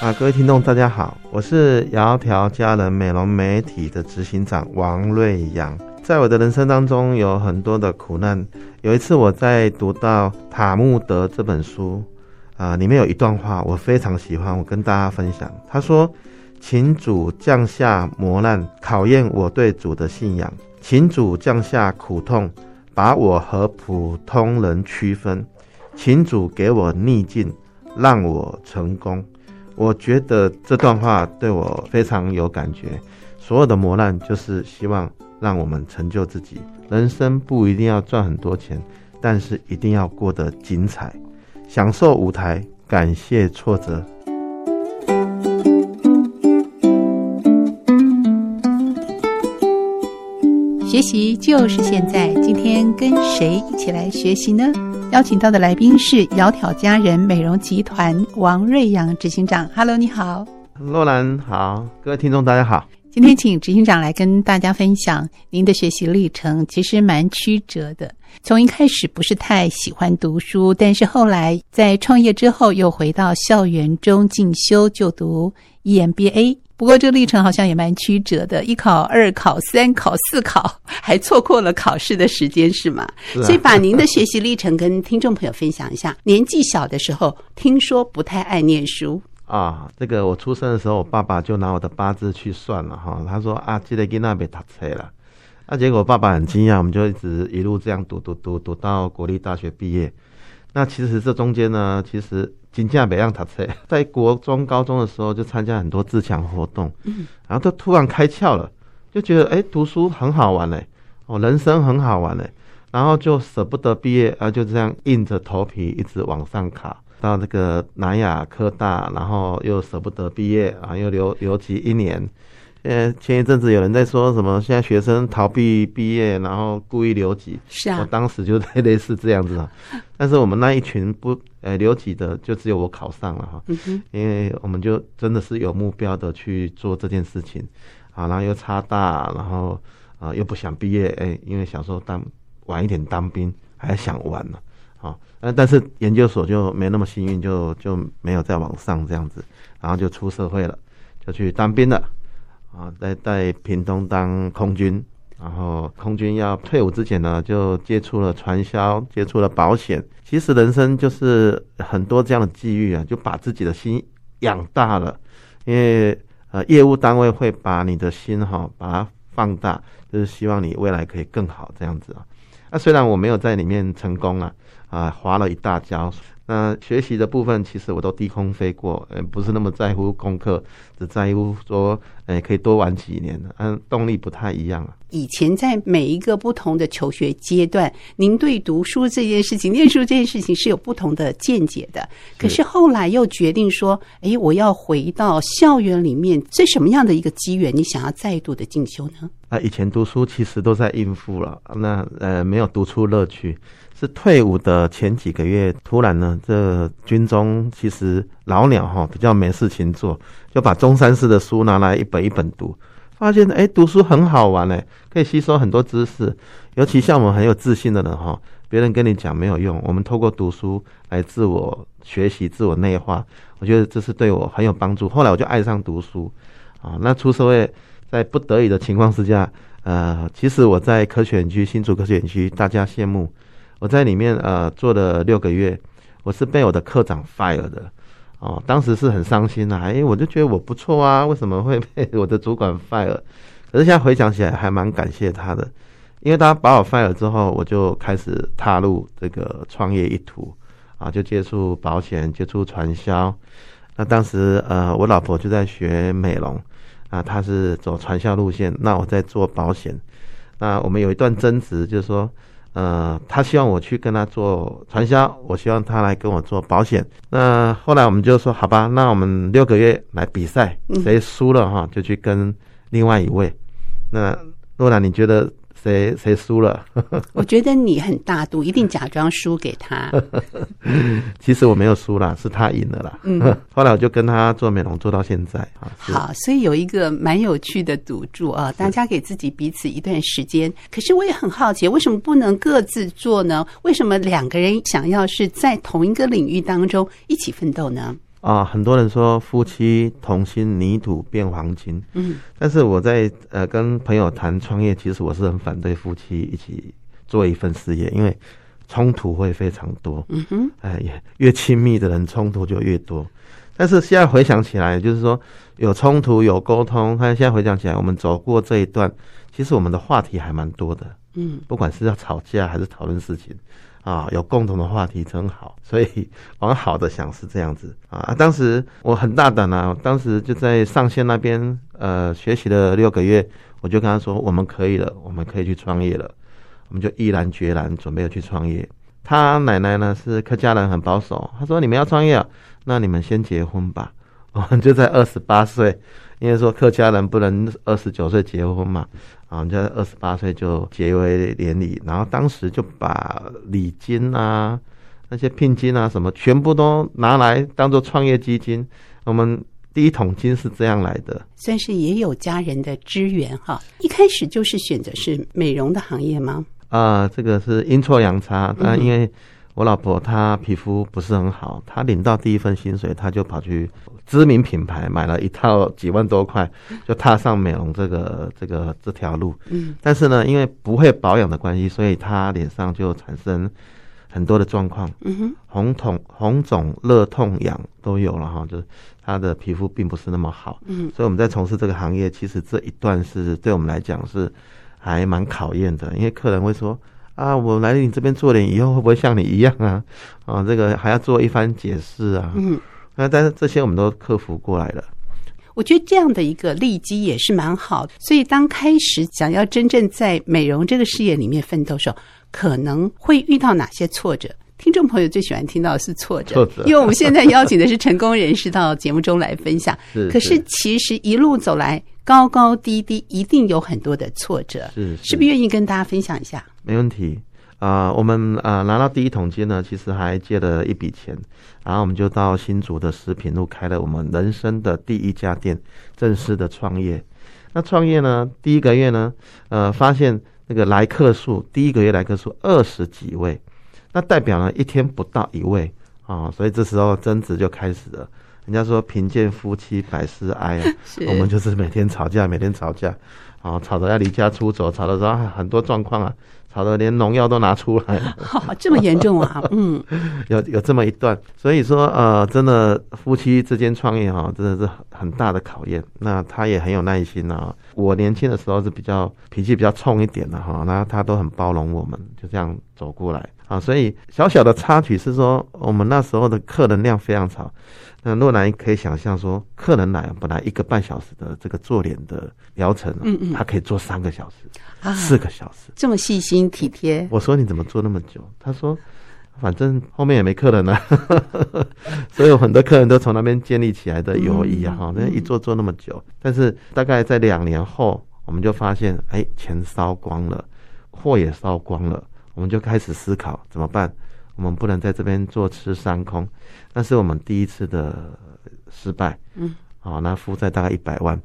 啊，各位聽眾，大家好，我是窈窕佳人美容美體的執行長王瑞揚。在我的人生當中，有很多的苦難。有一次，我在讀到《塔木德》這本書，啊、呃，裡面有一段話，我非常喜歡，我跟大家分享。他說：“請主降下磨難，考驗我對主的信仰；請主降下苦痛，把我和普通人區分；請主給我逆境，讓我成功。”我覺得這段話對我非常有感覺。所有的磨難就是希望讓我們成就自己。人生不一定要賺很多錢，但是一定要過得精彩。享受舞台，感謝挫折。學習就是現在，今天跟誰一起來學習呢？邀請到的來賓是窈窕佳人美容集團王瑞揚執行長。Hello，你好，洛蘭好，各位聽眾大家好。今天請執行長來跟大家分享您的學習歷程，其實蠻曲折的。從一開始不是太喜歡讀書，但是後來在創業之後又回到校園中進修就讀 EMBA。不過這個歷程好像也蠻曲折的，一考二考三考四考，還錯過了考試的時間是嗎？所以把您的學習歷程跟聽眾朋友分享一下。年紀小的時候聽說不太愛唸書。啊，這個我出生的時候，我爸爸就拿我的八字去算了哈、哦。他說啊，這得給那邊打吹了。那、啊、結果我爸爸很驚訝，我們就一直一路這樣讀讀讀讀到國立大學畢業。那其實這中間呢，其實金價沒讓他吹。在國中高中的時候，就參加很多自強活動，嗯、然後就突然開竅了，就覺得哎，讀書很好玩嘞，我、哦、人生很好玩嘞，然後就舍不得畢業啊，就這樣硬着頭皮一直往上考。到那個南亞科大，然後又舍不得畢業啊，又留留級一年。呃，前一陣子有人在說什麼，現在學生逃避畢業，然後故意留級。是啊。我當時就類似這樣子啊，但是我們那一群不呃留級的，就只有我考上了哈。啊、嗯哼。因為我們就真的是有目標的去做這件事情，啊，然後又插大，然後啊又不想畢業，哎，因為想說當晚一點當兵，還想玩呢。啊，呃、哦，但是研究所就沒那麼幸運，就就沒有再往上這樣子，然後就出社會了，就去當兵了，啊，在在屏東當空軍，然後空軍要退伍之前呢，就接觸了傳銷，接觸了保險。其實人生就是很多這樣的機遇啊，就把自己的心養大了，因為呃業務單位會把你的心哈、哦、把它放大，就是希望你未來可以更好這樣子啊。那、啊、雖然我沒有在裡面成功啊。啊，滑了一大跤。那學習的部分，其實我都低空飛過，嗯、呃，不是那麼在乎功課，只在乎說，呃，可以多玩幾年，嗯、啊，動力不太一樣了、啊。以前在每一個不同的求學階段，您對讀書這件事情、唸書這件事情是有不同的見解的。可是後來又決定說：“哎，我要回到校園裡面。”這什麼樣的一個機緣？你想要再度的進修呢？啊，以前讀書其實都在應付了，那呃沒有讀出樂趣。是退伍的前幾個月，突然呢，這軍中其實老鳥哈、哦、比較沒事情做，就把中山室的書拿來一本一本讀。發現哎，讀書很好玩嘞，可以吸收很多知識。尤其像我們很有自信的人哈，別人跟你講沒有用，我們透過讀書來自我學習、自我內化。我覺得這是對我很有幫助。後來我就愛上讀書啊。那出社會，在不得已的情況之下，呃，其實我在科學園區，新竹科學園區，大家羨慕我在裡面呃，做了六個月，我是被我的課長 fire 的。哦，當時是很傷心啊，因、欸、我就覺得我不錯啊，為什麼會被我的主管 fire？可是現在回想起來，還蠻感謝他的，因為他把我 fire 之後，我就開始踏入這個創業一途，啊，就接觸保險，接觸傳銷。那當時呃，我老婆就在學美容，啊，她是走傳銷路線，那我在做保險，那我們有一段爭執，就是說。呃，他希望我去跟他做傳銷，我希望他來跟我做保險。那後來我們就說，好吧，那我們六個月來比賽，誰輸、嗯、了哈就去跟另外一位。那若蘭，你覺得？誰誰輸了？ 我覺得你很大度，一定假裝輸給他。 其實我沒有輸啦，是他贏了啦。嗯， 後來我就跟他做美容，做到現在。好，所以有一個蠻有趣的賭注啊，大家給自己彼此一段時間。是。可是我也很好奇，為什麼不能各自做呢？為什麼兩個人想要是在同一個領域當中一起奮鬥呢？啊、呃，很多人說夫妻同心，泥土變黃金。嗯哼，但是我在呃跟朋友談創業，其實我是很反對夫妻一起做一份事業，因為衝突會非常多。嗯哼，哎、呃，越親密的人衝突就越多。但是現在回想起來，就是說有衝突有溝通。看現在回想起來，我們走過這一段，其實我們的話題還蠻多的。嗯，不管是要吵架還是討論事情。啊，有共同的話題真好，所以往好的想是這樣子啊。當時我很大膽啊，當時就在上線那邊呃學習了六個月，我就跟他說，我們可以了，我們可以去創業了，我們就毅然決然準備去創業。他奶奶呢是客家人，很保守，他說，你們要創業啊，那你們先結婚吧。我們就在二十八歲，因為說客家人不能二十九歲結婚嘛。好，人家二十八歲就結為連理，然後當時就把禮金啊、那些聘金啊什麼，全部都拿來當做創業基金。我們第一桶金是這樣來的，算是也有家人的支援哈。一開始就是選擇是美容的行業嗎？啊、呃，這個是陰錯陽差，那因為。我老婆她皮膚不是很好，她領到第一份薪水，她就跑去知名品牌買了一套幾萬多塊，就踏上美容這個這個這條路。嗯，但是呢，因為不會保養的關係，所以她臉上就產生很多的狀況。嗯哼，紅痛、紅腫、熱痛、癢都有了哈，就是她的皮膚並不是那麼好。嗯哼，所以我們在從事這個行業，其實這一段是對我們來講是還蠻考驗的，因為客人會說。啊，我來你這邊做臉，以後會不會像你一樣啊？啊，這個還要做一番解釋啊。嗯，那、啊、但是這些我們都克服過來了。我覺得這樣的一個利基也是蠻好的。所以，當開始想要真正在美容這個事業裡面奮鬥時候，可能會遇到哪些挫折？聽眾朋友最喜歡聽到的是挫折，挫折，因為我們現在邀請的是成功人士到節目中來分享。 是，是，可是其實一路走來，高高低低，一定有很多的挫折。是，是，是不是願意跟大家分享一下？沒問題啊、呃，我們啊、呃、拿到第一桶金呢，其實還借了一筆錢，然後我們就到新竹的食品路開了我們人生的第一家店，正式的創業。那創業呢，第一個月呢，呃，發現那個來客數，第一個月來客數二十幾位，那代表呢一天不到一位啊、哦，所以這時候爭執就開始了。人家說貧賤夫妻百事哀啊， 是啊，我們就是每天吵架，每天吵架，啊、哦，吵得要離家出走，吵得然後很多狀況啊。吵得連農藥都拿出來了。好，這麼嚴重啊？嗯， 有有這麼一段。所以說呃，真的夫妻之間創業哈、哦，真的是很大的考驗。那他也很有耐心啊、哦。我年輕的時候是比較脾氣比較衝一點的哈、哦，那他都很包容我們，就這樣走過來。啊，所以小小的插曲是說，我們那時候的客人量非常少，那若蘭可以想象說，客人來本來一個半小時的這個做臉的療程，嗯嗯，他可以做三個小時，四個小時，這麼細心體貼。我說你怎麼做那麼久？他說，反正後面也沒客人了，啊，所以有很多客人都從那邊建立起來的友誼啊，哈，那一做做那麼久。但是大概在兩年後，我們就發現，哎，錢燒光了，貨也燒光了。我們就開始思考怎麼辦，我們不能在這邊坐吃山空。那是我們第一次的失敗，嗯，好、哦，那負債大概一百萬。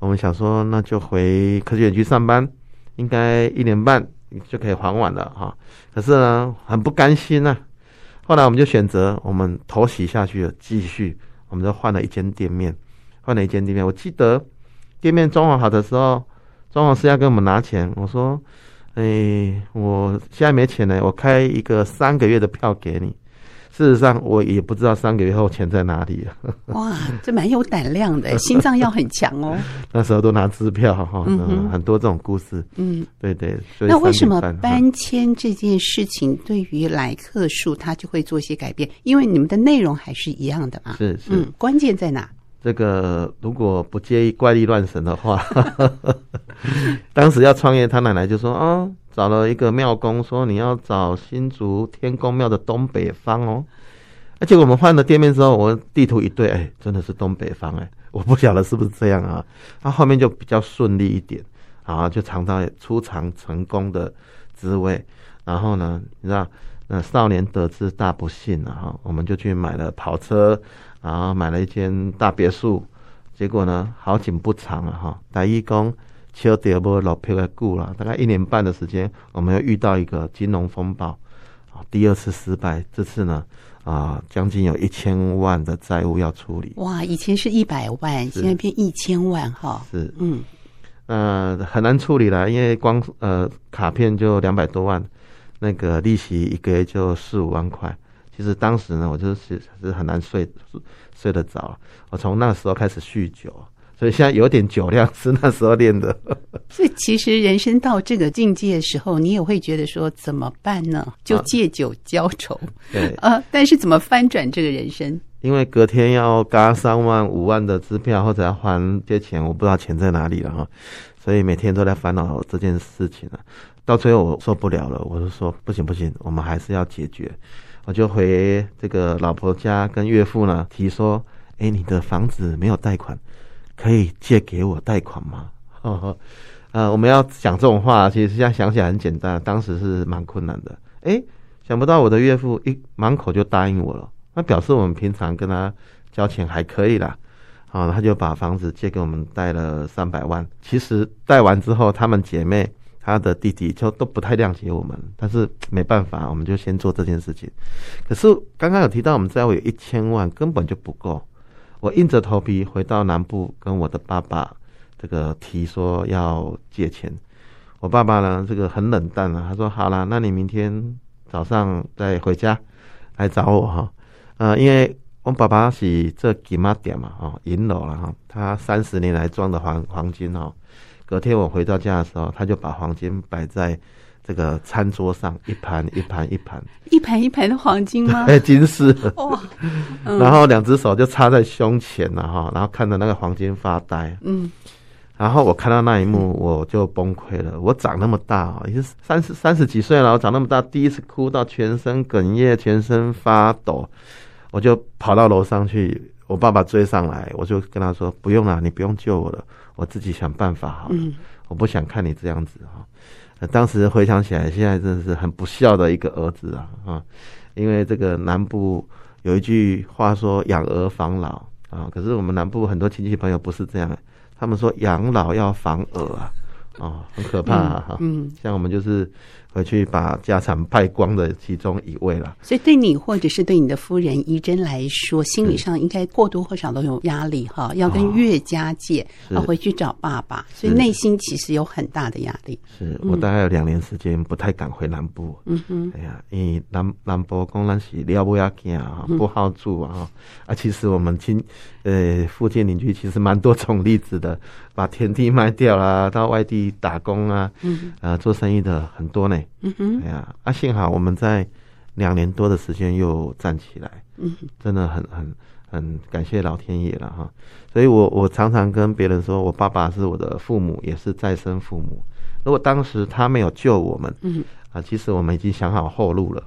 我們想說，那就回科技園區上班，應該一年半就可以還完了哈、哦。可是呢，很不甘心吶、啊。後來我們就選擇我們頭洗下去了，繼續，我們就換了一間店面，換了一間店面。我記得店面裝潢好的時候，裝潢師要跟我們拿錢，我說。哎，我現在沒錢了，我開一個三個月的票給你。事實上，我也不知道三個月後錢在哪裡了。哇，這蠻有膽量的， 心臟要很強哦、喔。那時候都拿支票哈，很多這種故事。嗯哼，對對，對、嗯。那為什麼搬遷這件事情對於來客數他就會做一些改變？因為你們的內容還是一樣的嘛。是是、嗯。關鍵在哪？這個如果不介意怪力亂神的話，呵呵呵當時要創業，他奶奶就說哦，找了一個廟公說你要找新竹天公廟的東北方哦。而且我們換了店面之後，我地圖一對，哎，真的是東北方哎，我不曉得是不是這樣啊。那後,後面就比較順利一點啊，就嘗到出廠成功的滋味。然後呢，你知道，那少年得志大不幸啊，我們就去買了跑車。然後買了一間大別墅，結果呢，好景不長了哈。大一工敲掉我老票的股了，大概一年半的時間，我們又遇到一個金融風暴，第二次失敗。這次呢，啊，將近有一千萬的債務要處理。哇，以前是一百萬，現在變一千萬哈。是，嗯是，呃，很難處理了，因為光呃卡片就兩百多萬，那個利息一個月就四五萬塊。其實當時呢，我就是是很難睡睡得着。我從那時候開始酗酒，所以現在有點酒量是那時候練的。所以其實人生到這個境界的時候，你也會覺得說怎麼辦呢？就借酒澆愁，啊、對呃、啊，但是怎麼翻轉這個人生？因為隔天要軋三萬五萬的支票，或者要還這些錢，我不知道錢在哪裡了哈。所以每天都在煩惱這件事情了。到最後我受不了了，我就說不行不行，我們還是要解決。我就回這個老婆家跟岳父呢提說：“誒，你的房子沒有貸款，可以借給我貸款嗎？”呵呵，呃，我們要講這種話，其實現在想起來很簡單，當時是蠻困難的。誒想不到我的岳父一滿口就答應我了，那表示我們平常跟他交情還可以啦。好、哦，他就把房子借給我們貸了三百萬。其實貸完之後，他們姐妹。他的弟弟就都不太諒解我們，但是沒辦法，我們就先做這件事情。可是剛剛有提到，我們債務有一千萬根本就不夠，我硬着頭皮回到南部跟我的爸爸這個提說要借錢。我爸爸呢，這個很冷淡了、啊，他說：“好啦，那你明天早上再回家來找我哈。”呃，因為我爸爸是做金仔店嘛哈，銀樓了哈，他三十年來裝的黃黃金哈、啊。隔天我回到家的時候，他就把黃金擺在這個餐桌上，一盤一盤一盤，一盤一盤的黃金嗎？哎，金絲。哦嗯、然後兩隻手就插在胸前了哈，然後看着那個黃金發呆。嗯。然後我看到那一幕，我就崩潰了。嗯、我長那麼大已經三十三十幾歲了，我長那麼大，第一次哭到全身哽咽、全身發抖，我就跑到樓上去。我爸爸追上來，我就跟他說：“不用了，你不用救我了，我自己想辦法好了。嗯”我不想看你這樣子哈。”當時回想起來，現在真的是很不孝的一個兒子啊啊！因為這個南部有一句話說“養兒防老”啊，可是我們南部很多親戚朋友不是這樣，他們說“養老要防兒”啊。哦，很可怕哈，啊嗯。嗯，像我們就是回去把家產敗光的其中一位了。所以對你或者是對你的夫人宜珍來說，嗯，心理上應該或多或少都有壓力哈。嗯，要跟岳家借，啊，要，哦，回去找爸爸，是所以內心其實有很大的壓力。是，嗯，是，我大概有兩年時間不太敢回南部。嗯哼，哎呀，你南南部公然是了不起啊，嗯，哼不好住啊，啊。啊，其實我們親呃，欸，附近鄰居其實蠻多種例子的，把田地賣掉啦，啊，到外地。打工啊，嗯哼，呃，做生意的很多呢。嗯哼，嗯，哎呀，啊，幸好我們在兩年多的時間又站起來，嗯，真的很很很感謝老天爺了哈。所以我我常常跟別人說，我爸爸是我的父母，也是再生父母。如果當時他沒有救我們，嗯哼，啊，其實我們已經想好後路了。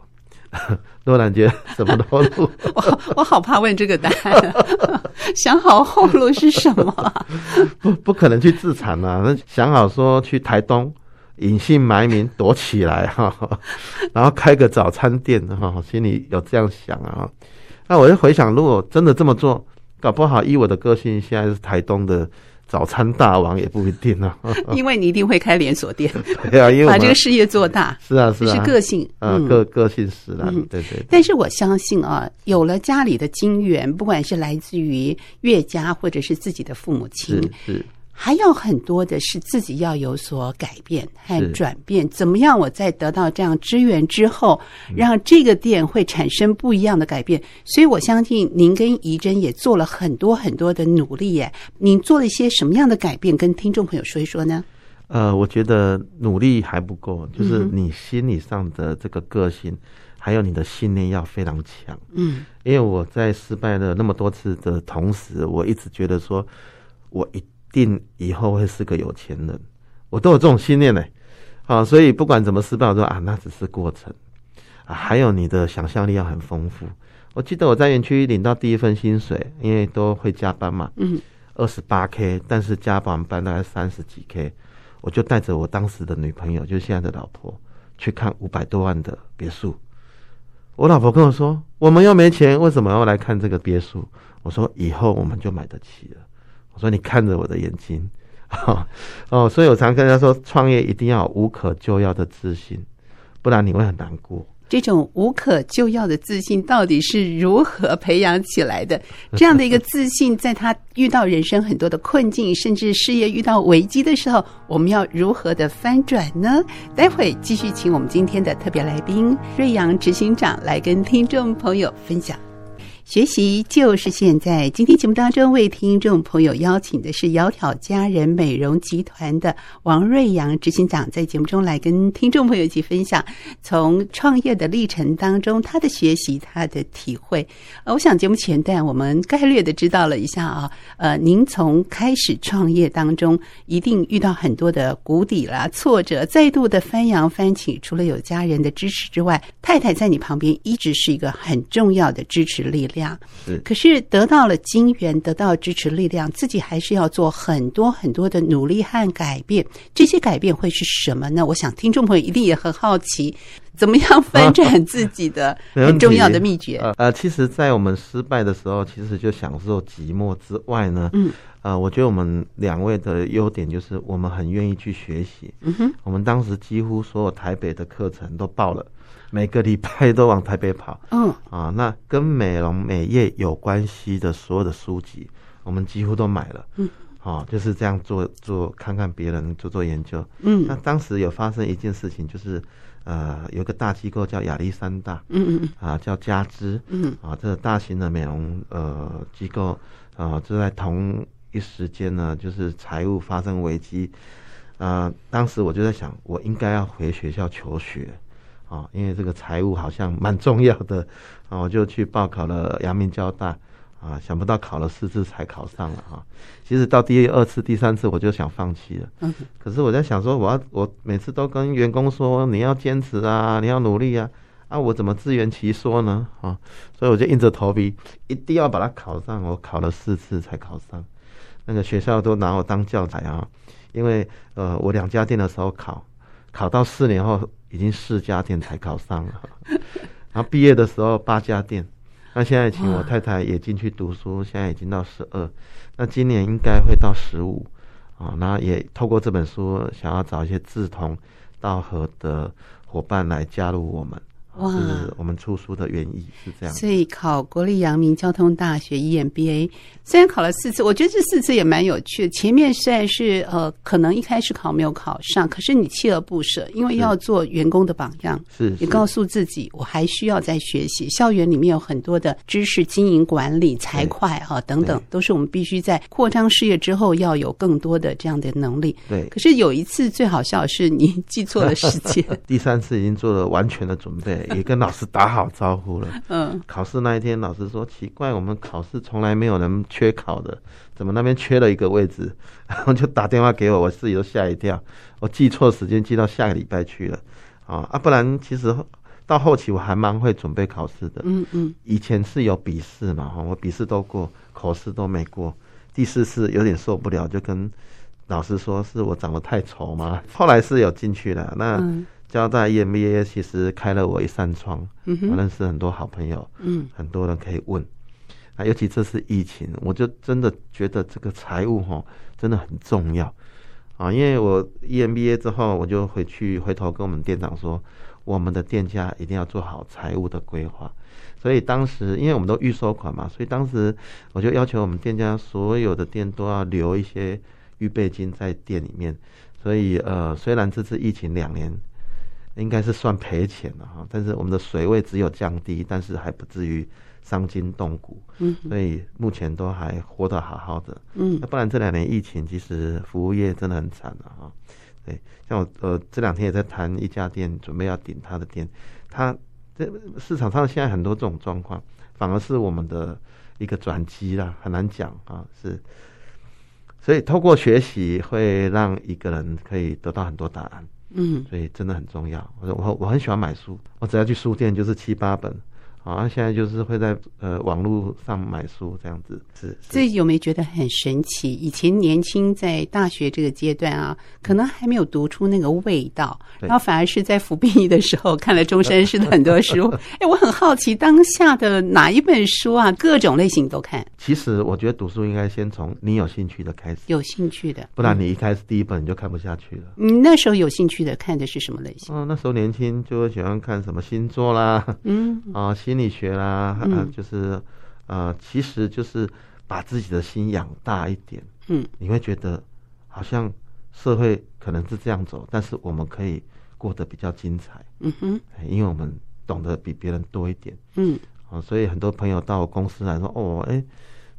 突然間， 什麼都錄？ 我我好怕問這個答案， 想好後路是什麼？ 不不可能去自殘啊。那想好說去台東，隱姓埋名躲起來哈、哦，然後開個早餐店哈、哦，心裡有這樣想啊。那我就回想，如果真的這麼做，搞不好依我的個性，現在是台東的。早餐大王也不一定啊， 因為你一定會開連鎖店， 對啊，因為 把這個事業做大。是啊，是啊，是啊，是個性，啊、個嗯，個個性使然、啊，嗯嗯、對對，對。但是我相信啊，有了家裡的金援，不管是來自於岳家或者是自己的父母親，是，是。還有很多的是自己要有所改變和轉變，怎麼樣？我在得到這樣支援，之後，讓這個店會產生不一樣的改變。所以我相信您跟怡珍也做了很多很多的努力耶。您做了一些什麼樣的改變？跟聽眾朋友說一說呢？呃，我覺得努力還不夠，就是你心理上的這個個性，還有你的信念要非常強。嗯，因為我在失敗了那麼多次的同時，我一直覺得說，我一。定以後會是個有錢人，我都有這種信念呢。好，啊，所以不管怎麼失敗，我說啊，那只是過程啊。還有你的想象力要很豐富。我記得我在園區領到第一份薪水，因為都會加班嘛，嗯哼，二十八 K，但是加班班大概三十幾 K，我就帶着我當時的女朋友，就是現在的老婆，去看五百多萬的別墅。我老婆跟我說：“我們又沒錢，為什麼要來看這個別墅？”我說：“以後我們就買得起了。”我說你看着我的眼睛哈、哦，哦，所以我常跟他說，創業一定要有無可救藥的自信，不然你會很難過。這種無可救藥的自信到底是如何培養起來的？這樣的一個自信，在他遇到人生很多的困境， 甚至事業遇到危機的時候，我們要如何的翻轉呢？待會繼續請我們今天的特別來賓瑞揚執行長來跟聽眾朋友分享。學習就是現在。今天節目當中，為聽眾朋友邀請的是窈窕佳人美容集團的王瑞揚執行長，在節目中來跟聽眾朋友一起分享從創業的歷程當中他的學習、他的體會。呃，我想節目前段我們概略的知道了一下啊，呃，您從開始創業當中一定遇到很多的谷底啦、挫折，再度的翻揚翻起，除了有家人的支持之外，太太在你旁邊一直是一個很重要的支持力量。呀，是可是得到了資源，得到支持力量，自己還是要做很多很多的努力和改變。這些改變會是什麼呢？我想聽眾朋友一定也很好奇，怎麼樣翻轉自己的很重要的祕訣？啊、呃，其實，在我們失敗的時候，其實就享受寂寞之外呢，嗯，呃，我覺得我們兩位的優點就是我們很願意去學習。嗯哼，我們當時幾乎所有台北的課程都報了。每個禮拜都往台北跑，嗯、哦、啊，那跟美容美業有關係的所有的書籍，我們幾乎都買了，嗯，好、啊，就是這樣做做，看看別人做做研究，嗯，那當時有發生一件事情，就是，呃，有個大機構叫亞歷山大，嗯嗯，啊，叫佳姿，嗯，啊，這個大型的美容呃機構，啊、呃，就在同一時間呢，就是財務發生危機，啊、呃，當時我就在想，我應該要回學校求學。啊，因為這個財務好像蠻重要的，啊，我就去報考了陽明交大，啊，想不到考了四次才考上了哈。其實到第二次、第三次，我就想放棄了，可是我在想說，我要我每次都跟員工說你要堅持啊，你要努力啊，啊，我怎麼自圓其說呢？啊，所以我就硬着頭皮，一定要把它考上。我考了四次才考上，那個學校都拿我當教材啊，因為呃，我兩家店的時候考。考到四年後，已經四家店才考上了，然後畢業的時候八家店， 那現在請我太太也進去讀書，哇現在已經到十二，那今年應該會到十五啊，那也透過這本書，想要找一些志同道合的夥伴來加入我們。是，我們出書的原意是這樣。所以考國立陽明交通大學 EMBA，雖然考了四次，我覺得這四次也蠻有趣的。前面雖然是呃，可能一開始考沒有考上，可是你鍥而不舍，因為要做員工的榜樣。是，也告訴自己，我還需要再學習。是是校園裡面有很多的知識、經營管理、財會哈等等，都是我們必須在擴張事業之後要有更多的這樣的能力。對。可是有一次最好笑是，你記錯了時間。 第三次已經做了完全的準備。 也跟老師打好招呼了。嗯，考試那一天，老師說，奇怪，我們考試從來沒有人缺考的，怎麼那邊缺了一個位置？然後就打電話給我，我自己都嚇一跳。我記錯時間，記到下個禮拜去了。啊啊，不然其實到後期我還蠻會準備考試的。嗯嗯，以前是有筆試嘛，我筆試都過，考試都沒過。第四次有點受不了，就跟老師說是我長得太醜嘛。後來是有進去了、啊。那。交大 EMBA 其實開了我一扇窗，嗯、哼我認識很多好朋友，嗯，很多人可以問。啊，尤其這次疫情，我就真的覺得這個財務齁真的很重要啊！因為我 EMBA 之後，我就回去回頭跟我們店長說，我們的店家一定要做好財務的規劃。所以當時因為我們都預收款嘛，所以當時我就要求我們店家所有的店都要留一些預備金在店裡面。所以呃，雖然這次疫情兩年。應該是算賠錢了、啊、哈，但是我們的水位只有降低，但是還不至於傷筋動骨，嗯哼，所以目前都還活得好好的，嗯，那不然這兩年疫情其實服務業真的很慘了哈，對，像我呃這兩天也在談一家店，準備要頂他的店，他這市場上現在很多這種狀況，反而是我們的一個轉機啦，很難講啊，是，所以透過學習會讓一個人可以得到很多答案。嗯， 所以真的很重要。我說我我很喜歡買書，我只要去書店就是七八本。好，那現在就是會在呃網絡上買書這樣子，是,是。自己有沒有覺得很神奇？以前年輕在大學這個階段啊，可能還沒有讀出那個味道，然後反而是在服兵役的時候看了中山室的很多書。 哎，我很好奇，當下的哪一本書啊？各種類型都看。其實我覺得讀書應該先從你有興趣的開始，有興趣的，不然你一開始第一本你就看不下去了。嗯、你那時候有興趣的看的是什麼類型？哦，那時候年輕就會喜歡看什麼星座啦，嗯啊。心理學啦、嗯啊，就是，呃，其實就是把自己的心養大一點，嗯，你會覺得好像社會可能是這樣走，但是我們可以過得比較精彩，嗯哼，因為我們懂得比別人多一點，嗯，啊，所以很多朋友到我公司來說，哦，哎、欸，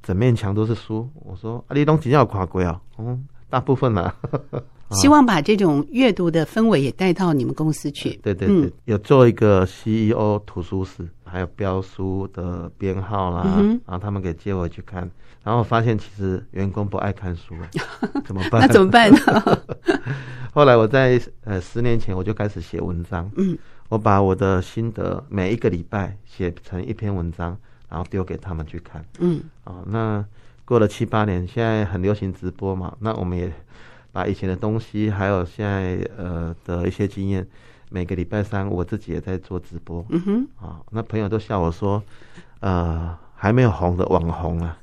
整面牆都是書，我說啊，這東西真的要跨過啊，嗯，大部分啦。 希望把這種閱讀的氛圍也帶到你們公司去。哦、對對對，嗯、有做一個 CEO 圖書室，還有標書的編號啦，嗯、哼 然後他們給借我去看，然後我發現其實員工不愛看書， 怎麼辦？ 那怎麼辦呢？ 後來我在呃十年前我就開始寫文章，嗯、我把我的心得每一個禮拜寫成一篇文章，然後丟給他們去看。嗯，啊、哦，那過了七八年，現在很流行直播嘛，那我們也。把以前的東西，還有現在呃的一些經驗，每個禮拜三我自己也在做直播。嗯哼，啊，哦，那朋友都笑我說，呃。還沒有紅的網紅啊，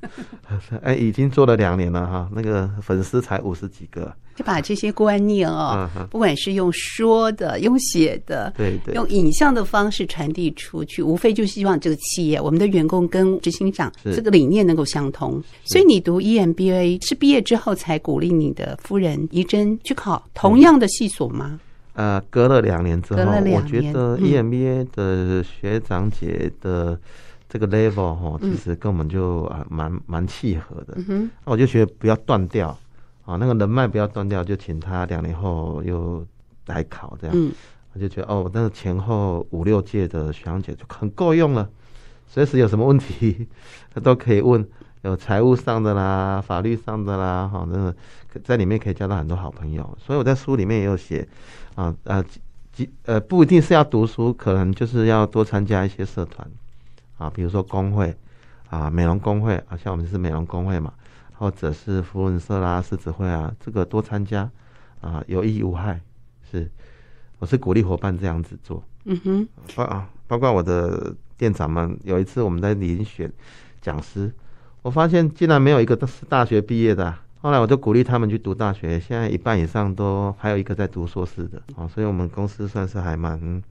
哎，已經做了兩年了哈，那個粉絲才五十幾個啊。 就把這些觀念哦，不管是用說的，用寫的，對對，用影像的方式傳遞出去，無非就希望這個企業，我們的員工跟執行長這個理念能夠相通。所以你讀 EMBA 是畢業之後才鼓勵你的夫人怡珍去考同樣的系所嗎？嗯？呃，隔了兩年之後，隔了兩年，我覺得 EMBA 的學長姐的。這個 level 哦，其實跟我們就啊蠻、嗯、蠻契合的。那、嗯、哼我就覺得不要斷掉啊，那個人脈不要斷掉，就請他兩年後又來考這樣。我、嗯、就覺得哦，但是前後五六屆的學長姐就很夠用了，隨時有什麼問題，他都可以問。有財務上的啦，法律上的啦，哈，那個，在裡面可以交到很多好朋友。所以我在書裡面也有寫啊啊，呃，呃，不一定是要讀書，可能就是要多參加一些社團。啊，比如說工會，啊，美容工會，啊，像我們是美容工會嘛，或者是扶輪社啦、獅子會啊，這個多參加，啊，有益無害，是，我是鼓勵夥伴這樣子做。嗯哼，包啊，包括我的店長們，有一次我們在遴選講師，我發現竟然沒有一個是大學畢業的，後來我就鼓勵他們去讀大學，現在一半以上都，還有一個在讀碩士的，啊，所以我們公司算是還蠻。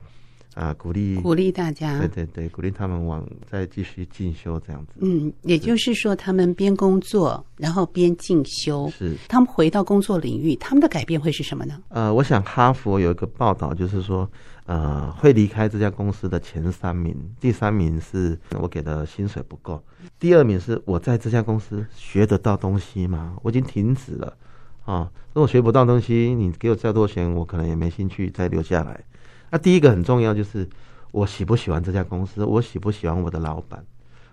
啊、呃，鼓勵鼓勵大家，對對對，鼓勵他們往再繼續進修這樣子。嗯，也就是說，他們邊工作，然後邊進修。是，他們回到工作領域，他們的改變會是什麼呢？呃，我想哈佛有一個報道，就是說，呃，會離開這家公司的前三名，第三名是我給的薪水不夠，第二名是我在這家公司學得到東西嗎？我已經停止了，啊、哦，如果學不到東西，你給我再多錢，我可能也沒興趣再留下來。那、啊、第一個很重要就是我喜不喜歡這家公司，我喜不喜歡我的老闆，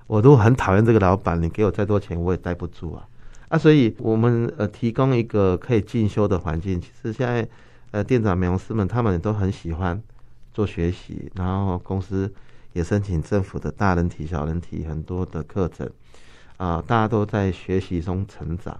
我都很討厭這個老闆。你給我再多錢，我也待不住啊！啊，所以我們呃提供一個可以進修的環境。其實現在呃店長、美容師們他們也都很喜歡做學習，然後公司也申請政府的大人提、小人提很多的課程啊、呃，大家都在學習中成長。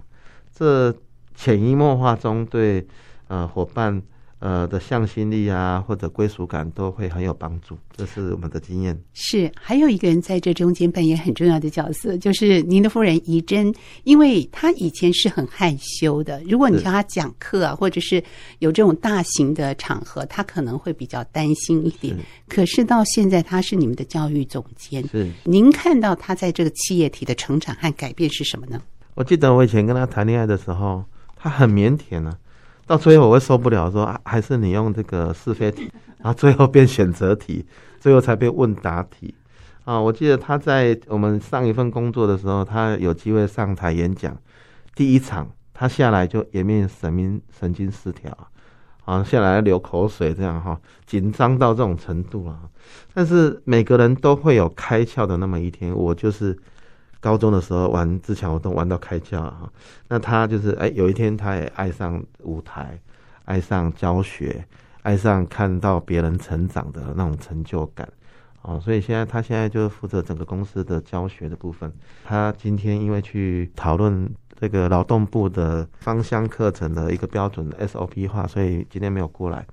這潛移默化中對呃夥伴。呃的向心力啊，或者歸屬感都會很有幫助，這是我們的經驗。是，還有一個人在這中間扮演很重要的角色，就是您的夫人怡珍。因為她以前是很害羞的。如果你叫她講課啊，或者是有這種大型的場合，她可能會比較擔心一點。是可是到現在，她是你們的教育總監，是您看到她在這個企業體的成長和改變是什麼呢？我記得我以前跟她談戀愛的時候，她很靦腆呢、啊。到最後我會受不了說，說、啊、還是你用這個是非題，然後最後變選擇題，最後才變問答題，啊，我記得他在我們上一份工作的時候，他有機會上台演講，第一場他下來就顏面神經神經失調、啊，啊，下來流口水這樣哈，緊張到這種程度啊，但是每個人都會有開竅的那麼一天，我就是。高中的時候玩自強活動玩到開竅哈，那他就是哎、欸、有一天他也愛上舞台，愛上教學，愛上看到別人成長的那種成就感，哦，所以現在他現在就是負責整個公司的教學的部分。他今天因為去討論這個勞動部的芳香課程的一個標準的 SOP 化，所以今天沒有過來，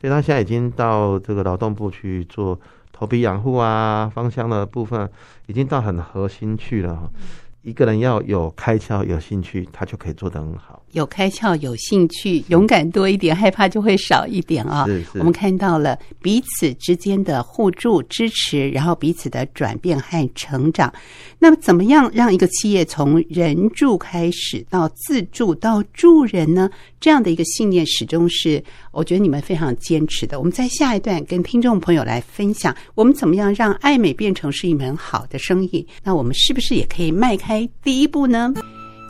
所以他現在已經到這個勞動部去做。頭皮養護啊，芳香的部分已經到很核心去了。嗯一個人要有開竅、有興趣，他就可以做得很好。有開竅、有興趣，勇敢多一點，害怕就會少一點啊！對，我們看到了彼此之間的互助支持，然後彼此的轉變和成長。那麼，怎麼樣讓一個企業從人助開始，到自助，到助人呢？這樣的一個信念始終是，我覺得你們非常堅持的。我們在下一段跟聽眾朋友來分享，我們怎麼樣讓愛美變成是一門好的生意？那我們是不是也可以邁開？第一步呢，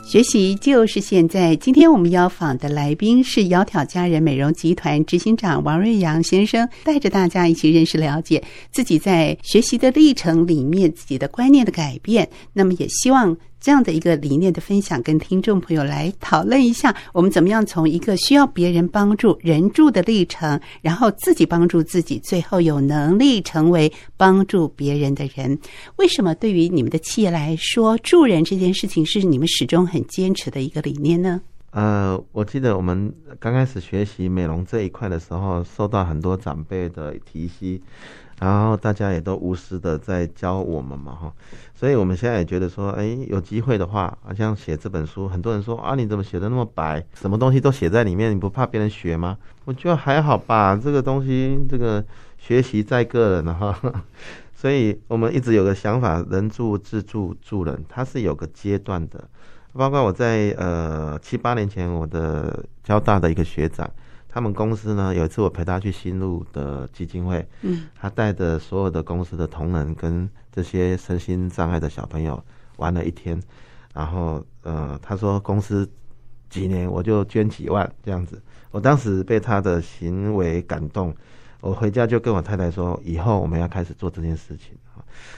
學習就是現在。今天我們邀訪的來賓是窈窕佳人美容集團執行長王瑞揚先生，帶着大家一起認識、了解自己在學習的歷程裡面自己的觀念的改變。那麼也希望。這樣的一個理念的分享，跟聽眾朋友來討論一下，我們怎麼樣從一個需要別人幫助、人助的歷程，然後自己幫助自己，最後有能力成為幫助別人的人？為什麼對於你們的企業來說，助人這件事情是你們始終很堅持的一個理念呢？呃，我記得我們剛開始學習美容這一塊的時候，受到很多長輩的提攜。然後大家也都無私的在教我們嘛，哈，所以我們現在也覺得說，哎，有機會的話，好像寫這本書，很多人說啊，你怎麼寫的那麼白，什麼東西都寫在裡面，你不怕別人學嗎？我覺得還好吧，這個東西，這個學習在個人哈、啊，所以我們一直有個想法，人助自助助人，它是有個階段的，包括我在呃七八年前，我的交大的一個學長。他們公司呢，有一次我陪他去新路的基金會，嗯，他帶着所有的公司的同仁跟這些身心障礙的小朋友玩了一天，然後呃，他說公司幾年我就捐幾萬這樣子，我當時被他的行為感動，我回家就跟我太太說，以後我們要開始做這件事情。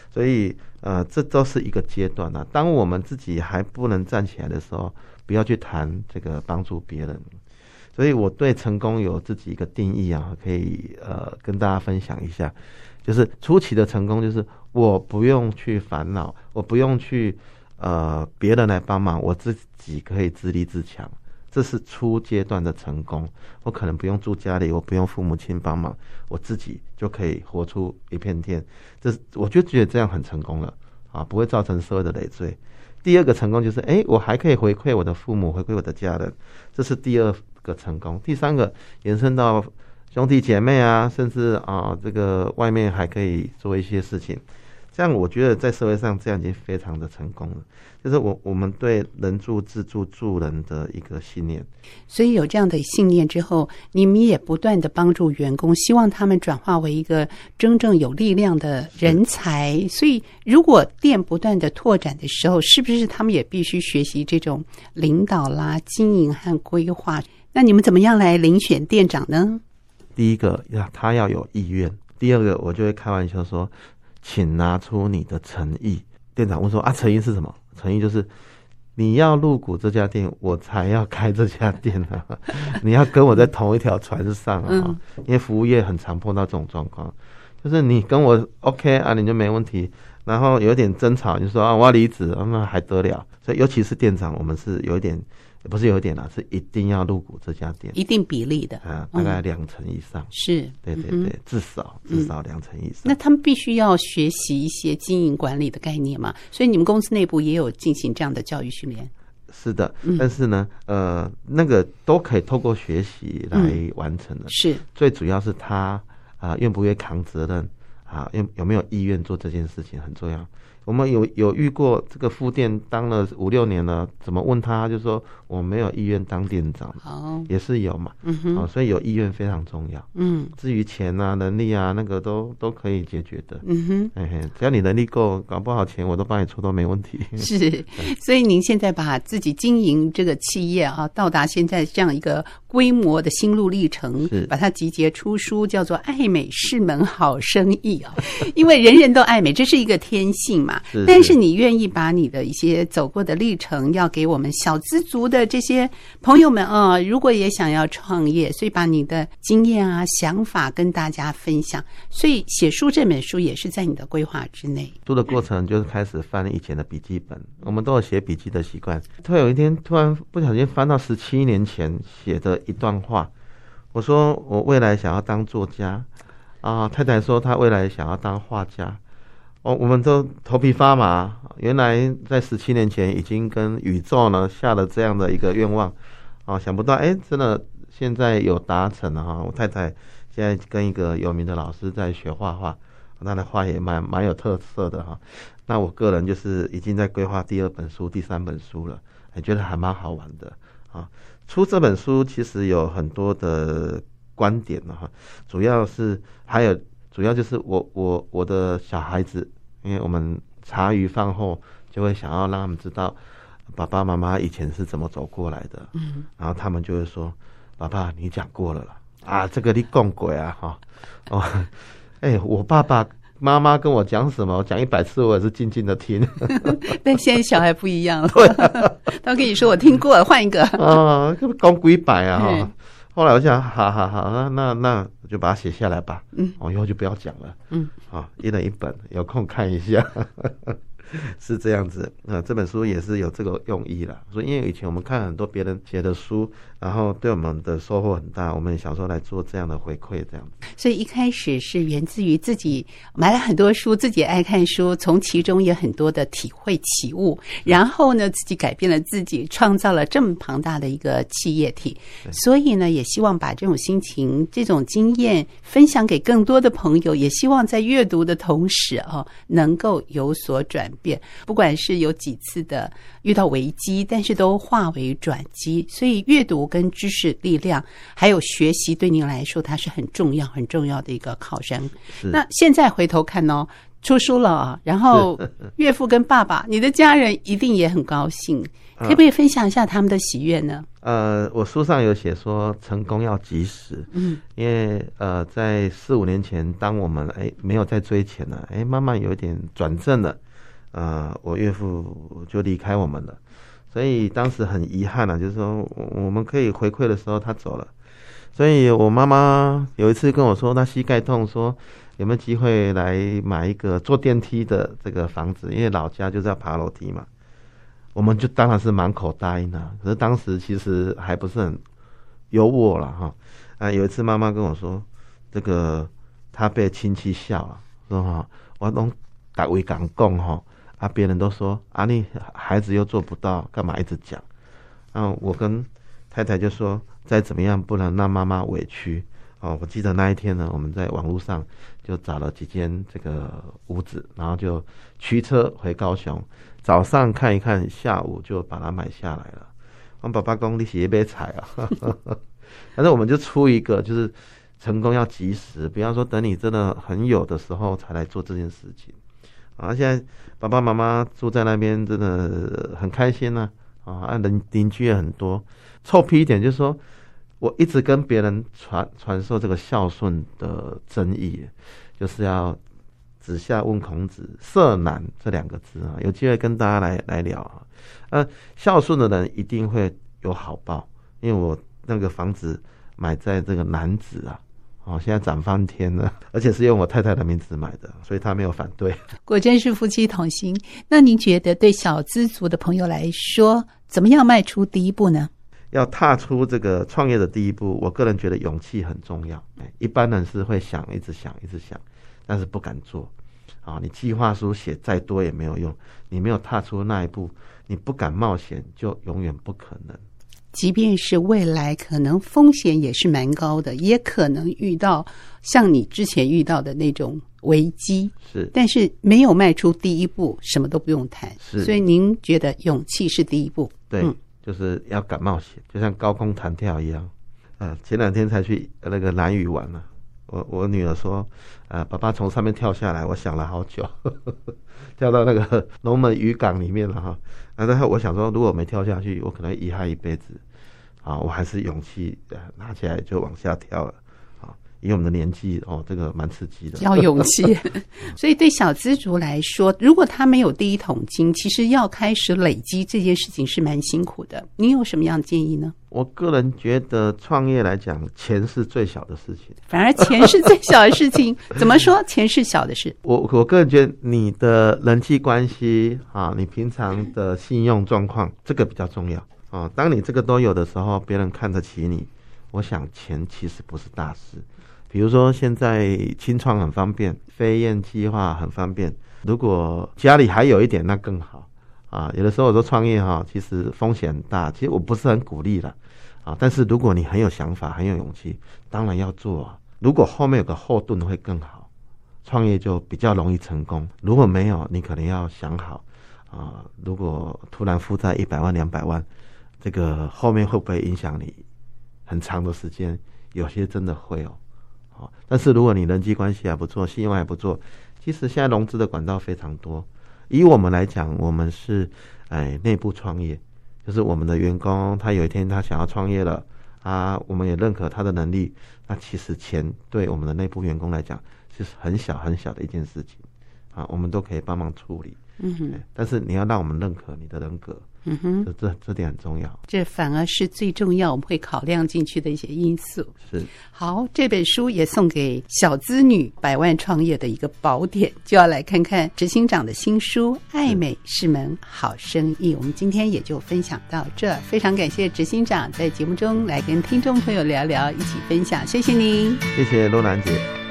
所以呃，這都是一個階段啊，當我們自己還不能站起來的時候，不要去談這個幫助別人。所以我對成功有自己一個定義啊，可以呃跟大家分享一下，就是初期的成功就是我不用去煩惱，我不用去呃別人來幫忙，我自己可以自立自強，這是初階段的成功。我可能不用住家裡，我不用父母親幫忙，我自己就可以活出一片天，這是我就覺得這樣很成功了啊，不會造成社會的累贅。第二個成功就是哎、欸，我還可以回饋我的父母，回饋我的家人，這是第二，的成功，第三個延伸到兄弟姐妹啊，甚至啊，這個外面還可以做一些事情。這樣我覺得在社會上這樣已經非常的成功了。就是我我們對人助、自助、助人的一個信念。所以有這樣的信念之後，你們也不斷的幫助員工，希望他們轉化為一個真正有力量的人才。是所以如果店不斷的拓展的時候，是不是他們也必須學習這種領導啦、經營和規劃？那你們怎麼樣來遴選店長呢？第一個要他要有意願，第二個我就會開玩笑說，請拿出你的誠意。店長問說啊，誠意是什麼？誠意就是你要入股這家店，我才要開這家店，啊、 你要跟我在同一條船上啊，嗯、因為服務業很常碰到這種狀況，就是你跟我 OK 啊，你就沒問題，然後有點爭吵你就說啊我要離職，那還得了？所以尤其是店長，我們是有一點。不是有一點了，是一定要入股這家店，一定比例的，啊，大概兩成以上，是，對對對，至少至少兩成以上。嗯、那他們必須要學習一些經營管理的概念嘛？所以你們公司內部也有進行這樣的教育訓練？是的，但是呢，嗯、呃，那個都可以透過學習來完成的。是，最主要是他啊、呃、願不願意扛責任啊，有有沒有意願做這件事情很重要。我們有有遇過這個副店當了五六年了，怎麼問他？就說我沒有意願當店長，哦，也是有嘛，嗯哼，啊、哦，所以有意願非常重要，嗯，至於錢啊、能力啊，那個都都可以解決的，嗯哼嘿嘿，只要你能力夠，搞不好錢我都幫你出都沒問題。是，對所以您現在把自己經營這個企業啊，到達現在這樣一個規模的心路歷程，是把它集結出書，叫做《愛美是門好生意》哦啊，因為人人都愛美， 這是一個天性嘛。但是你願意把你的一些走過的歷程，要給我們小資族的這些朋友們啊、哦，如果也想要創業，所以把你的經驗啊、想法跟大家分享。所以寫書這本書也是在你的規劃之內。做的過程就是開始翻以前的筆記本，我們都有寫筆記的習慣。突然有一天，突然不小心翻到十七年前寫的一段話，我說我未來想要當作家啊，太太說她未來想要當畫家。哦，我們都頭皮發麻。原來在十七年前已經跟宇宙呢下了這樣的一個願望，啊、哦，想不到哎，真的現在有達成了、啊、哈。我太太現在跟一個有名的老師在學畫畫，她的畫也蠻蠻有特色的哈、啊。那我個人就是已經在規劃第二本書、第三本書了，還覺得還蠻好玩的啊。出這本書其實有很多的觀點了、啊、哈，主要是還有。主要就是我我我的小孩子，因為我們茶餘飯後就會想要讓他們知道爸爸媽媽以前是怎麼走過來的，嗯哼，然後他們就會說：“爸爸，你講過了啦。”啊，這個你講鬼啊哈哦，哎，我爸爸媽媽跟我講什麼，我講一百次，我也是靜靜的聽呵呵。但現在小孩不一樣了，他們、啊、跟你說我聽過了，換一個啊，講鬼擺啊哈。”哦嗯後來我想，好好好，那那那就把它寫下來吧。嗯，我、哦、以後就不要講了。嗯，好，一人一本，有空看一下。 是這樣子，那、呃、這本書也是有這個用意了。所以因為以前我們看了很多別人寫的書，然後對我們的收穫很大，我們想說來做這樣的回饋，這樣。所以一開始是源自於自己買了很多書，自己愛看書，從其中也有很多的體會起悟，然後呢，自己改變了自己，創造了這麼龐大的一個企業體。對所以呢，也希望把這種心情、這種經驗分享給更多的朋友，也希望在閱讀的同時哦，能夠有所轉變。變，不管是有幾次的遇到危機，但是都化為轉機。所以閱讀跟知識力量，還有學習，對您來說，它是很重要、很重要的一個靠山。是那現在回頭看哦，出書了啊，然後岳父跟爸爸，是 你的家人一定也很高興。可以不可以分享一下他們的喜悅呢？呃，我書上有寫說，成功要及時。嗯，因為呃，在四五年前，當我們哎沒有再追錢了，哎，慢慢有一點轉正了。呃，我岳父就離開我們了，所以當時很遺憾了，啊，就是說我我們可以回饋的時候他走了，所以我媽媽有一次跟我說，她膝蓋痛說，說有沒有機會來買一個坐電梯的這個房子，因為老家就是要爬樓梯嘛，我們就當然是滿口答應了，可是當時其實還不是很有我了哈，啊，有一次媽媽跟我說，這個他被親戚笑了，啊，說哈，我攏大回港共哈。啊！別人都說啊，你孩子又做不到，幹嘛一直講？後、啊、我跟太太就說，再怎麼樣，不能讓媽媽委屈哦。我記得那一天呢，我們在網絡上就找了幾間這個屋子，然後就驅車回高雄，早上看一看，下午就把它買下來了。我們把八公里鞋別踩哈。反正、啊、 我們就出一個，就是成功要及時，不要說等你真的很有的時候才來做這件事情。啊，現在爸爸媽媽住在那邊，真的很開心呢。啊，啊，鄰鄰居也很多。臭屁一點就是說，我一直跟別人傳傳授這個孝順的真意，就是要子夏問孔子“色難”這兩個字啊。有機會跟大家來來聊啊。呃、啊，孝順的人一定會有好報，因為我那個房子買在這個南子啊。哦，現在漲翻天了，而且是用我太太的名字買的，所以她沒有反對。果真是夫妻同心。那您覺得對小資族的朋友來說，怎麼樣邁出第一步呢？要踏出這個創業的第一步，我個人覺得勇氣很重要。欸，一般人是會想，一直想，一直想，但是不敢做。啊，你計劃書寫再多也沒有用，你沒有踏出那一步，你不敢冒險，就永遠不可能。即便是未來可能風險也是蠻高的，也可能遇到像你之前遇到的那種危機。是，但是沒有邁出第一步，什麼都不用談。是，所以您覺得勇氣是第一步？對，嗯、就是要敢冒險，就像高空彈跳一樣。嗯、呃，前兩天才去那個蘭嶼玩了。我我女兒說，呃，爸爸從上面跳下來，我想了好久， 跳到那個龍門漁港裡面了哈。啊，但是我想說，如果沒跳下去，我可能遺憾一輩子。啊，我還是勇氣拿起來就往下跳了啊！因為我們的年紀哦，這個蠻刺激的，要勇氣。 所以對小資族來說，如果他沒有第一桶金，其實要開始累積這件事情是蠻辛苦的。你有什麼樣的建議呢？我個人覺得創業來講，錢是最小的事情，反而錢是最小的事情。怎麼說？錢是小的事。我 我個人覺得，你的人際關係啊，你平常的信用狀況，這個比較重要。哦，當你這個都有的時候，別人看得起你。我想錢其實不是大事。比如說現在青創很方便，飛雁計劃很方便。如果家裡還有一點，那更好啊。有的時候我說創業哈，其實風險大，其實我不是很鼓勵了啊。但是如果你很有想法，很有勇氣，當然要做。如果後面有個後盾會更好，創業就比較容易成功。如果沒有，你可能要想好啊。如果突然負債一百萬、兩百萬。這個後面會不會影響你很長的時間？有些真的會哦。但是如果你人際關係還不錯，信用還不錯，其實現在融資的管道非常多。以我們來講，我們是哎內部創業，就是我們的員工他有一天他想要創業了啊，我們也認可他的能力。那其實錢對我們的內部員工來講，就是很小很小的一件事情啊，我們都可以幫忙處理。嗯哼。但是你要讓我們認可你的人格。嗯哼，這這點很重要，這反而是最重要，我們會考量進去的一些因素。是好，這本書也送給小資女百萬創業的一個寶典，就要來看看執行長的新書《愛美是門好生意》。是我們今天也就分享到這，非常感謝執行長在節目中來跟聽眾朋友聊聊，一起分享，謝謝您，謝謝諾蘭姐。